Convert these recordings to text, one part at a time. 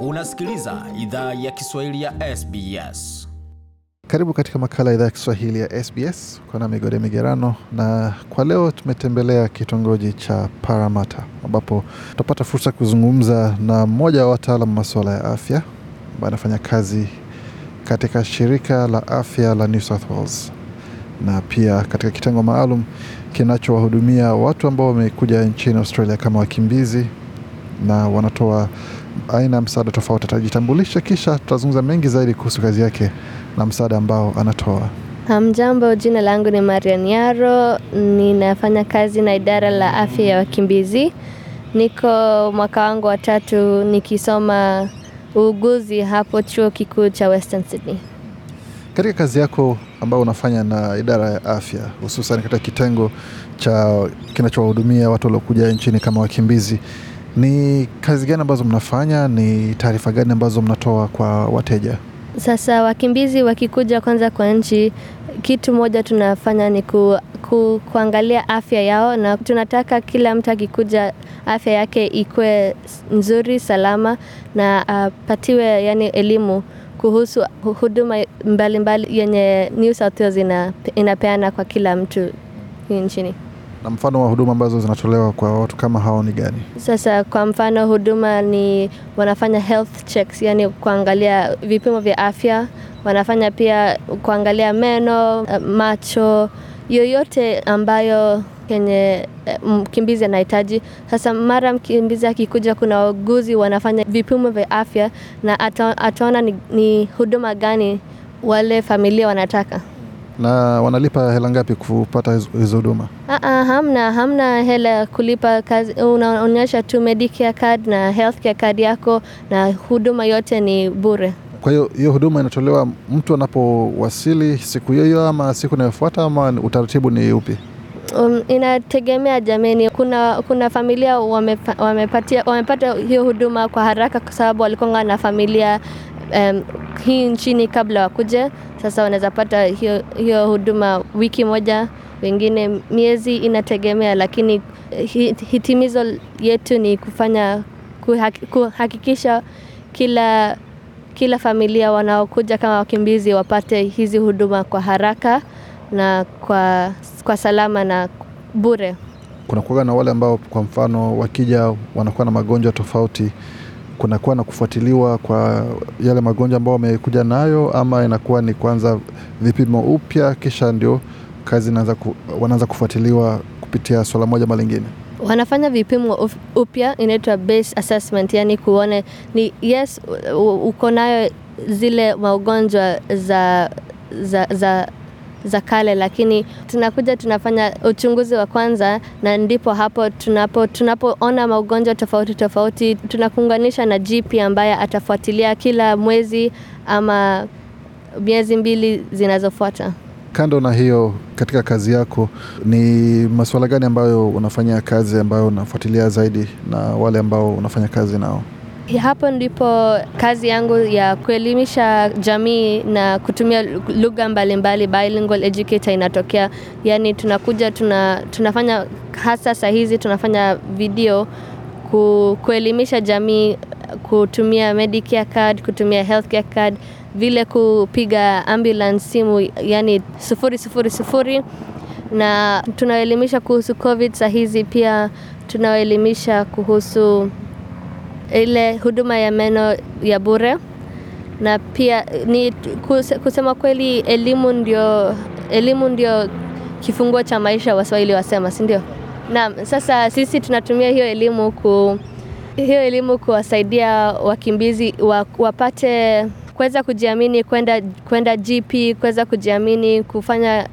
Unasikiliza idhaa ya Kiswahili ya SBS. Karibu katika makala idhaa ya Kiswahili ya SBS kona migode migerano, na kwa leo tumetembelea kitongoji cha Paramata ambapo tutapata fursa kuzungumza na mmoja wa wataalam masuala ya afya ambaye anafanya kazi katika shirika la afya la New South Wales na pia katika kitengo maalum kinachowahudumia watu ambao wamekuja nchini Australia kama wakimbizi na wanatoa aina ya msaada tofauti. Atajitambulisha kisha tutazungumza mengi zaidi kuhusu kazi yake na msaada ambao anatoa. Hamjambo, jina langu ni Marian Yaro, ninafanya kazi na idara la afya ya wakimbizi. Niko mwaka wangu wa tatu nikisoma uuguzi hapo chuo kikuu cha Western Sydney. Katika kazi yako ambayo unafanya na idara ya afya, hususan katika kitengo cha kinachowahudumia watu waliokuja nchini kama wakimbizi ni kazi gani ambazo mnafanya? Ni taarifa gani ambazo mnatoa kwa wateja? Sasa wakimbizi wakikuja kwanza kwa nchi, kitu moja tunafanya ni ku, ku, kuangalia afya yao, na tunataka kila mtu akikuja afya yake ikuwe nzuri, salama na apatiwe yani elimu kuhusu huduma mbalimbali mbali yenye New South Wales ina, inapeana kwa kila mtu nchini. Na mfano wa huduma ambazo zinatolewa kwa watu kama hao ni gani? Sasa kwa mfano huduma ni wanafanya health checks, yani kuangalia vipimo vya afya, wanafanya pia kuangalia meno, eh, macho, yoyote ambayo kenye eh, mkimbizi anahitaji. Sasa mara mkimbizi akikuja, kuna wauguzi wanafanya vipimo vya afya na ataona ni, ni huduma gani wale familia wanataka. Na wanalipa hela ngapi kupata hizo huduma? Ah, ah, hamna hamna hela ya kulipa kazi, unaonyesha tu Medicare card na healthcare card yako na huduma yote ni bure. Kwa hiyo hiyo huduma inatolewa mtu anapowasili siku hiyo hiyo ama siku inayofuata ama utaratibu ni upi? Um, inategemea jamani. Kuna, kuna familia wamepatia, wamepata hiyo huduma kwa haraka kwa sababu walikonga na familia um, hii nchini kabla wakuja. Sasa wanaweza pata hiyo, hiyo huduma wiki moja, wengine miezi, inategemea, lakini hitimizo yetu ni kufanya kuhakikisha kila kila familia wanaokuja kama wakimbizi wapate hizi huduma kwa haraka na kwa, kwa salama na bure. Kunakuwa na wale ambao kwa mfano wakija wanakuwa na magonjwa tofauti kunakuwa na kufuatiliwa kwa yale magonjwa ambao wamekuja nayo, ama inakuwa ni kwanza vipimo upya, kisha ndio kazi ku, wanaanza kufuatiliwa kupitia swala moja ama lingine? Wanafanya vipimo upya, inaitwa base assessment, yani kuone ni yes, uko nayo zile magonjwa za, za, za za kale, lakini tunakuja tunafanya uchunguzi wa kwanza, na ndipo hapo tunapo tunapoona magonjwa tofauti tofauti, tunakuunganisha na GP ambaye atafuatilia kila mwezi ama miezi mbili zinazofuata. Kando na hiyo, katika kazi yako ni masuala gani ambayo unafanya kazi ambayo unafuatilia zaidi na wale ambao unafanya kazi nao? Hapo ndipo kazi yangu ya kuelimisha jamii na kutumia lugha mbalimbali bilingual educator inatokea. Yani tunakuja tuna, tunafanya hasa saa hizi tunafanya video ku, kuelimisha jamii kutumia Medicare card, kutumia healthcare card, vile kupiga ambulance simu yani sufuri sufuri sufuri, na tunawaelimisha kuhusu COVID saa hizi, pia tunawaelimisha kuhusu ile huduma ya meno ya bure, na pia ni kusema kweli, elimu ndio elimu ndio kifunguo cha maisha, waswahili wasema, si ndio? Naam, sasa sisi tunatumia hiyo elimu ku hiyo elimu kuwasaidia wakimbizi wa, wapate kuweza kujiamini kwenda kwenda GP, kuweza kujiamini kufanya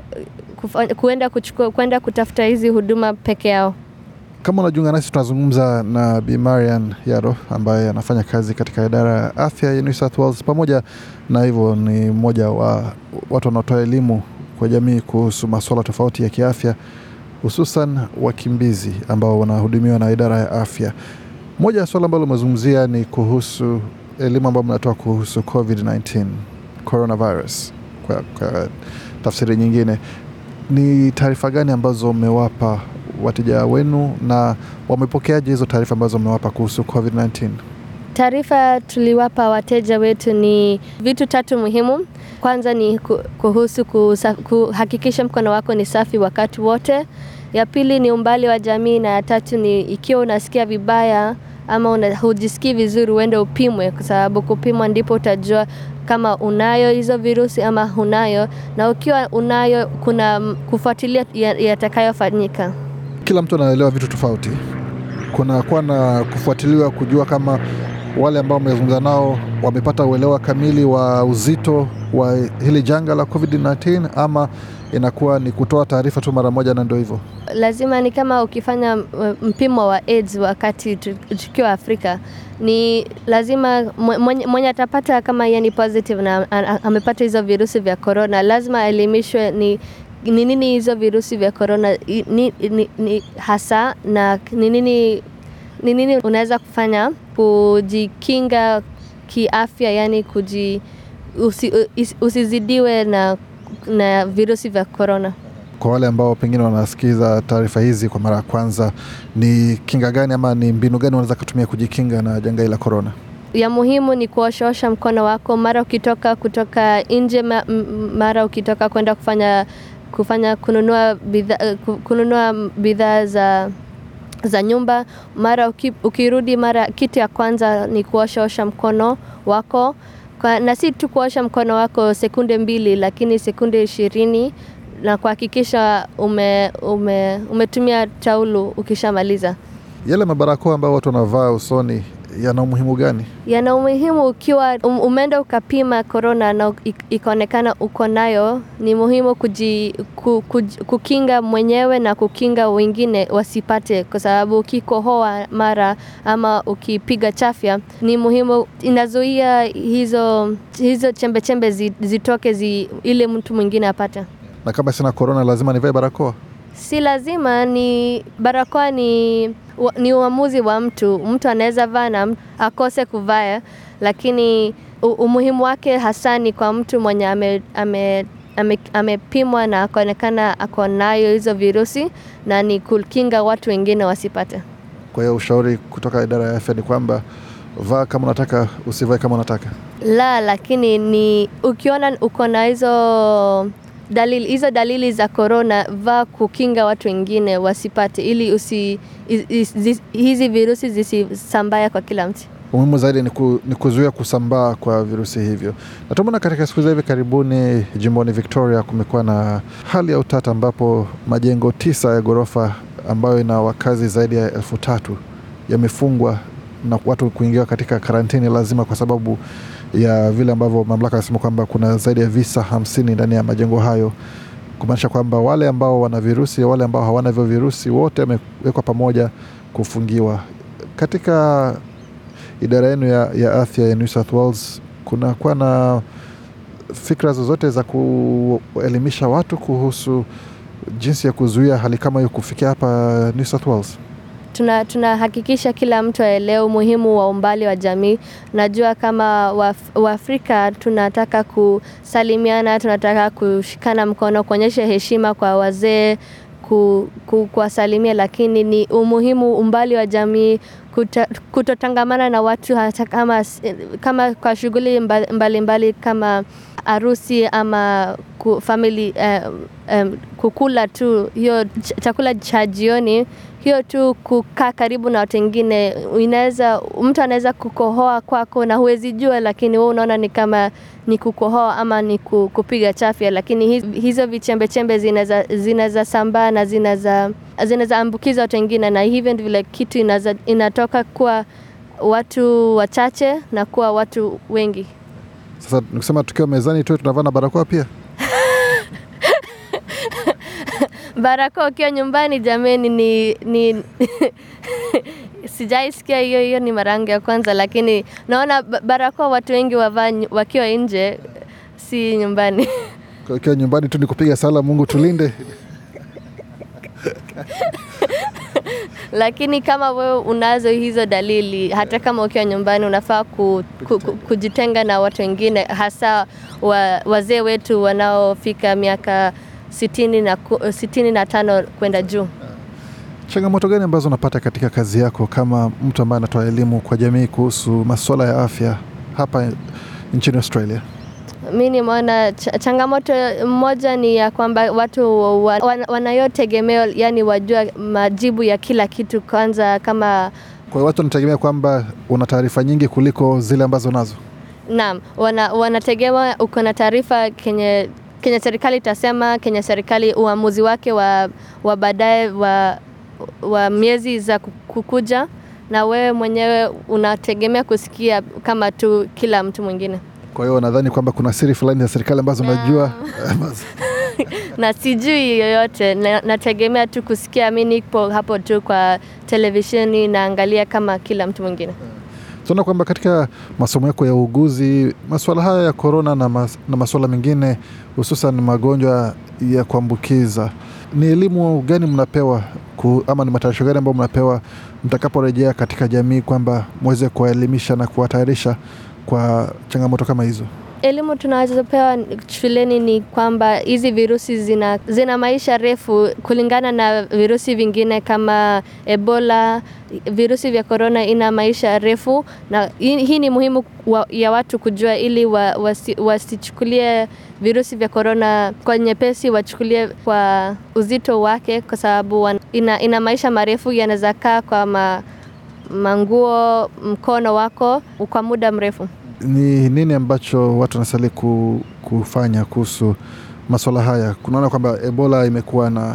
kuenda kuchukua kwenda kutafuta hizi huduma peke yao. Kama unajiunga nasi, tunazungumza na Bi Marian Yaro ambaye anafanya kazi katika idara ya afya ya New South Wales, pamoja na hivyo ni mmoja wa watu wanaotoa elimu kwa jamii kuhusu masuala tofauti ya kiafya, hususan wakimbizi ambao wanahudumiwa na idara ya afya. Moja ya suala ambalo umezungumzia ni kuhusu elimu ambayo mnatoa kuhusu COVID-19 coronavirus kwa, kwa tafsiri nyingine. Ni taarifa gani ambazo mmewapa wateja wenu na wamepokeaje hizo taarifa ambazo mmewapa kuhusu COVID-19? Taarifa tuliwapa wateja wetu ni vitu tatu muhimu. Kwanza ni kuhusu kuhakikisha mkono wako ni safi wakati wote. Ya pili ni umbali wa jamii, na ya tatu ni ikiwa unasikia vibaya ama hujisikii vizuri, uende upimwe, kwa sababu kupimwa ndipo utajua kama unayo hizo virusi ama hunayo, na ukiwa unayo kuna kufuatilia yatakayofanyika kila mtu anaelewa vitu tofauti. Kuna kuwa na kufuatiliwa kujua kama wale ambao wamezungumza nao wamepata uelewa kamili wa uzito wa hili janga la COVID-19 ama inakuwa ni kutoa taarifa tu mara moja na ndio hivyo. Lazima ni kama ukifanya uh, mpimo wa AIDS wakati tukiwa Afrika, ni lazima mwenye, mwenye atapata kama yeye ni positive na amepata hizo virusi vya korona, lazima aelimishwe ni ni nini hizo virusi vya korona ni, ni, ni, hasa na ni nini ni nini unaweza kufanya kujikinga kiafya, yani kuji usi, usi, usizidiwe na, na virusi vya korona. Kwa wale ambao pengine wanasikiza taarifa hizi kwa mara ya kwanza, ni kinga gani ama ni mbinu gani wanaweza kutumia kujikinga na janga hili la korona? Ya muhimu ni kuoshaosha mkono wako mara ukitoka kutoka nje, mara ukitoka kwenda kufanya kufanya kununua bidhaa eh, kununua bidhaa za za nyumba. Mara uki, ukirudi, mara kitu ya kwanza ni kuoshaosha mkono wako kwa, na si tu kuosha mkono wako sekunde mbili, lakini sekunde ishirini na kuhakikisha ume, ume, umetumia taulu ukishamaliza. Yale mabarakoa ambayo watu wanavaa usoni yana umuhimu gani? Yana umuhimu ukiwa um-, umeenda ukapima korona na ikaonekana uko nayo, ni muhimu kuji, ku, ku, kukinga mwenyewe na kukinga wengine wasipate, kwa sababu ukikohoa mara ama ukipiga chafya ni muhimu, inazuia hizo, hizo chembechembe zitoke zi, ile mtu mwingine apate. Na kama sina korona lazima nivae barakoa? si lazima ni barakoa ni, ni uamuzi wa mtu. Mtu anaweza vaa na akose kuvaa, lakini umuhimu wake hasa ni kwa mtu mwenye amepimwa ame, ame, ame na akaonekana ako nayo hizo virusi, na ni kukinga watu wengine wasipate. Kwa hiyo ushauri kutoka idara ya afya ni kwamba vaa kama unataka, usivae kama unataka la, lakini ni ukiona uko na hizo dalili hizo dalili za korona, vaa kukinga watu wengine wasipate, ili usi, hizi virusi zisisambaya kwa kila mtu. Umuhimu zaidi ni, ku, ni kuzuia kusambaa kwa virusi hivyo. Natumana katika siku za hivi karibuni jimboni Victoria kumekuwa na hali ya utata ambapo majengo tisa ya ghorofa ambayo ina wakazi zaidi ya elfu tatu yamefungwa na watu kuingia katika karantini lazima, kwa sababu ya vile ambavyo mamlaka anasema kwamba kuna zaidi ya visa hamsini ndani ya majengo hayo, kumaanisha kwamba wale ambao wana virusi, wale ambao hawana hivyo virusi, wote wamewekwa pamoja kufungiwa. Katika idara yenu ya, ya afya ya New South Wales kunakuwa na fikra zozote za kuelimisha watu kuhusu jinsi ya kuzuia hali kama hiyo kufikia hapa New South Wales? tunahakikisha tuna kila mtu aelewe umuhimu wa umbali wa jamii. Najua kama Waafrika wa tunataka kusalimiana, tunataka kushikana mkono, kuonyesha heshima kwa wazee kuwasalimia ku, kuwasalimia, lakini ni umuhimu umbali wa jamii kutotangamana na watu hata kama, kama kwa shughuli mbalimbali kama harusi ama ku, family uh, um, kukula tu hiyo chakula cha jioni, hiyo tu kukaa karibu na watu wengine, inaweza mtu anaweza kukohoa kwako na huwezi jua, lakini wewe unaona ni kama ni kukohoa ama ni kupiga chafya, lakini hizo vichembechembe zinaweza sambaa na zinaweza zinaweza ambukiza watu wengine, na hivyo ndivyo vile kitu inatoka kuwa watu wachache na kuwa watu wengi. Sasa nikusema tukiwa mezani tuwe tunavaa na barakoa pia barakoa ukiwa nyumbani, jameni, ni, ni sijaisikia hiyo hiyo, ni mara yangu ya kwanza, lakini naona barakoa watu wengi wavaa wakiwa nje, si nyumbani. Ukiwa nyumbani tu ni kupiga sala, Mungu tulinde Lakini kama wewe unazo hizo dalili, hata kama ukiwa nyumbani, unafaa ku, ku, ku, kujitenga na watu wengine, hasa wa, wazee wetu wanaofika miaka sitini na, sitini na tano kwenda juu. Changamoto gani ambazo unapata katika kazi yako kama mtu ambaye anatoa elimu kwa jamii kuhusu masuala ya afya hapa nchini Australia? mi nimeona ch changamoto moja ni ya kwamba watu wa, wanayotegemea yani wajua majibu ya kila kitu kwanza, kama kwa watu wanategemea kwamba una taarifa nyingi kuliko zile ambazo nazo. Naam, wanategemea uko na taarifa kenye kenye serikali itasema, kenye serikali uamuzi wake wa, wa baadaye wa, wa miezi za kukuja, na wewe mwenyewe unategemea kusikia kama tu kila mtu mwingine. Kwa hiyo nadhani kwamba kuna siri fulani za serikali ambazo najua na sijui yoyote na, nategemea tu kusikia. Mi nipo hapo tu kwa televisheni naangalia kama kila mtu mwingine. Tunaona kwamba katika masomo yako ya uuguzi, masuala haya ya korona na, mas, na masuala mengine hususan magonjwa ya kuambukiza, ni elimu gani mnapewa ku, ama ni matayarisho gani ambayo mnapewa mtakaporejea katika jamii, kwamba mweze kuwaelimisha na kuwatayarisha kwa changamoto kama hizo? Elimu tunazopewa shuleni ni kwamba hizi virusi zina, zina maisha refu kulingana na virusi vingine kama Ebola. Virusi vya korona ina maisha refu, na hii ni muhimu wa, ya watu kujua ili wasichukulie wasi, wasichukulie virusi vya korona kwa nyepesi, wachukulie kwa uzito wake, kwa sababu ina, ina maisha marefu yanaweza kaa kwa ma, manguo, mkono wako kwa muda mrefu? Ni nini ambacho watu wanastahili kufanya kuhusu masuala haya? Kunaona kwamba Ebola imekuwa na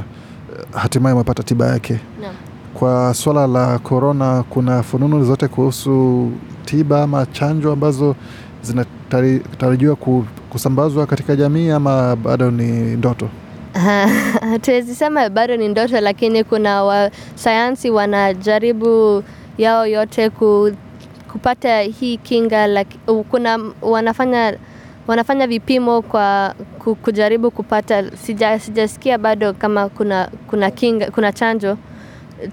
eh, hatimaye imepata tiba yake no. Kwa swala la korona, kuna fununu zote kuhusu tiba ama chanjo ambazo zinatarajiwa kusambazwa katika jamii ama bado ni ndoto? Hatuwezi sema bado ni ndoto, lakini kuna wasayansi wanajaribu yao yote ku, kupata hii kinga like, kuna wanafanya wanafanya vipimo kwa kujaribu kupata sija, sijasikia bado kama kuna kuna kinga kuna chanjo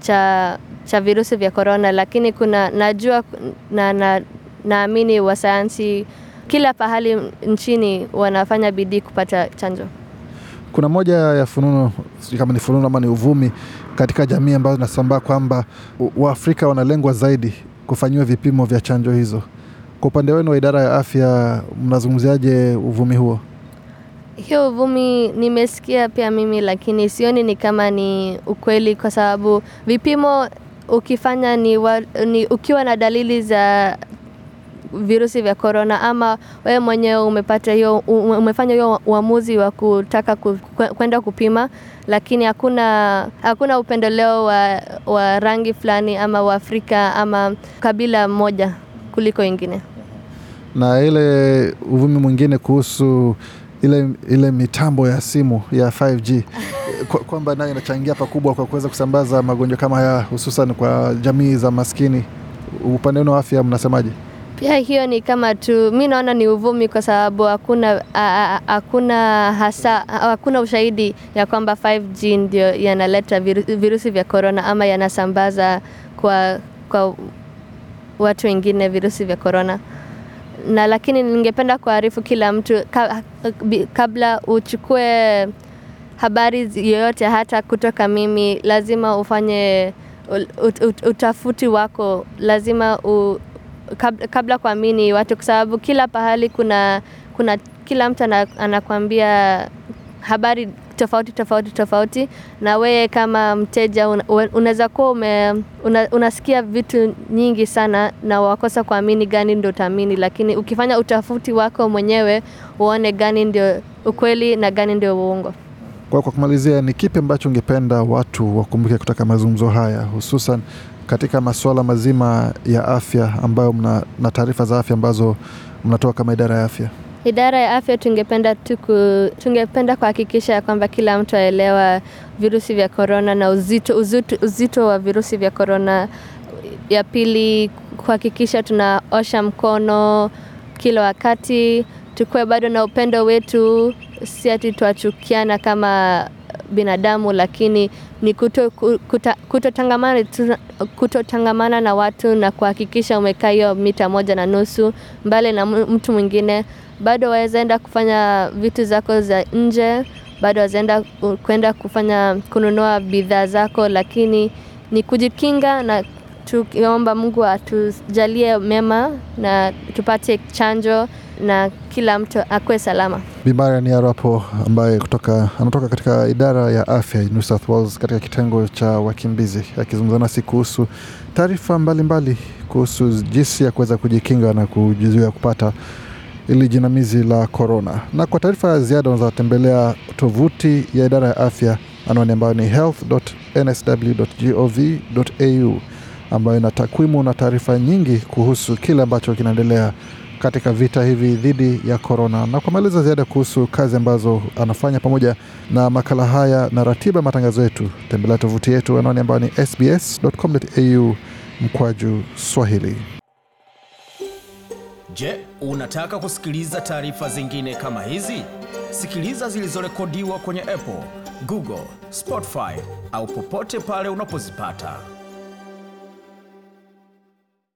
cha cha virusi vya korona, lakini kuna najua na, na naamini wasayansi kila pahali nchini wanafanya bidii kupata chanjo. Kuna moja ya fununu, sijui kama ni fununu ama ni uvumi katika jamii ambazo zinasambaa kwamba Waafrika wanalengwa zaidi kufanyiwa vipimo vya chanjo hizo. Kwa upande wenu wa idara ya afya, mnazungumziaje uvumi huo? Hiyo uvumi nimesikia pia mimi, lakini sioni ni kama ni ukweli, kwa sababu vipimo ukifanya ni, wa, ni ukiwa na dalili za virusi vya korona, ama wewe mwenyewe umepata hiyo, umefanya hiyo uamuzi wa kutaka kwenda kupima, lakini hakuna hakuna upendeleo wa, wa rangi fulani ama Afrika ama kabila moja kuliko ingine. Na ile uvumi mwingine kuhusu ile, ile mitambo ya simu ya 5G kwamba nayo inachangia pakubwa kwa kuweza kusambaza magonjwa kama haya hususan kwa jamii za maskini. Upande wenu wa afya mnasemaje? Pia hiyo ni kama tu, mi naona ni uvumi kwa sababu hakuna hakuna hasa hakuna ushahidi ya kwamba 5G ndio yanaleta virusi vya korona ama yanasambaza kwa, kwa watu wengine virusi vya korona na lakini ningependa kuarifu kila mtu kabla uchukue habari yoyote hata kutoka mimi, lazima ufanye ut, ut, utafuti wako, lazima kabla, kuamini watu, kwa sababu kila pahali kuna, kuna kila mtu anakuambia habari tofauti tofauti tofauti, na wewe kama mteja unaweza kuwa una, unasikia vitu nyingi sana na wakosa kuamini gani ndio utaamini, lakini ukifanya utafuti wako mwenyewe uone gani ndio ukweli na gani ndio uongo. Kwa, kwa kumalizia, ni kipi ambacho ungependa watu wakumbuke kutoka mazungumzo haya hususan katika masuala mazima ya afya ambayo mna, na taarifa za afya ambazo mnatoa kama idara ya afya? Idara ya afya tungependa tuku, tungependa kuhakikisha ya kwamba kila mtu aelewa virusi vya korona na uzito, uzito, uzito wa virusi vya korona. Ya pili kuhakikisha tunaosha mkono kila wakati, tukuwe bado na upendo wetu, si ati twachukiana kama binadamu, lakini ni kutotangamana kuto kuto na watu na kuhakikisha umekaa hiyo mita moja na nusu mbali na mtu mwingine. Bado wawezaenda kufanya vitu zako za nje, bado wawezaenda kwenda kufanya kununua bidhaa zako, lakini ni kujikinga na tukiomba Mungu atujalie mema na tupate chanjo na kila mtu akuwe salama. Bi ni arapo ambaye kutoka, anatoka katika idara ya afya New South Wales katika kitengo cha wakimbizi akizungumza nasi kuhusu taarifa mbalimbali kuhusu jinsi ya kuweza kujikinga na kujizuia kupata ili jinamizi la korona. Na kwa taarifa ya ziada unaweza tembelea tovuti ya idara ya afya, anwani ambayo ni health.nsw.gov.au, ambayo ina takwimu na taarifa nyingi kuhusu kile ambacho kinaendelea katika vita hivi dhidi ya korona. Na kwa maelezo ziada kuhusu kazi ambazo anafanya pamoja na makala haya na ratiba ya matangazo yetu, tembelea tovuti yetu, anaoni ambayo ni sbs.com.au mkwaju Swahili. Je, unataka kusikiliza taarifa zingine kama hizi? Sikiliza zilizorekodiwa kwenye Apple, Google, Spotify au popote pale unapozipata.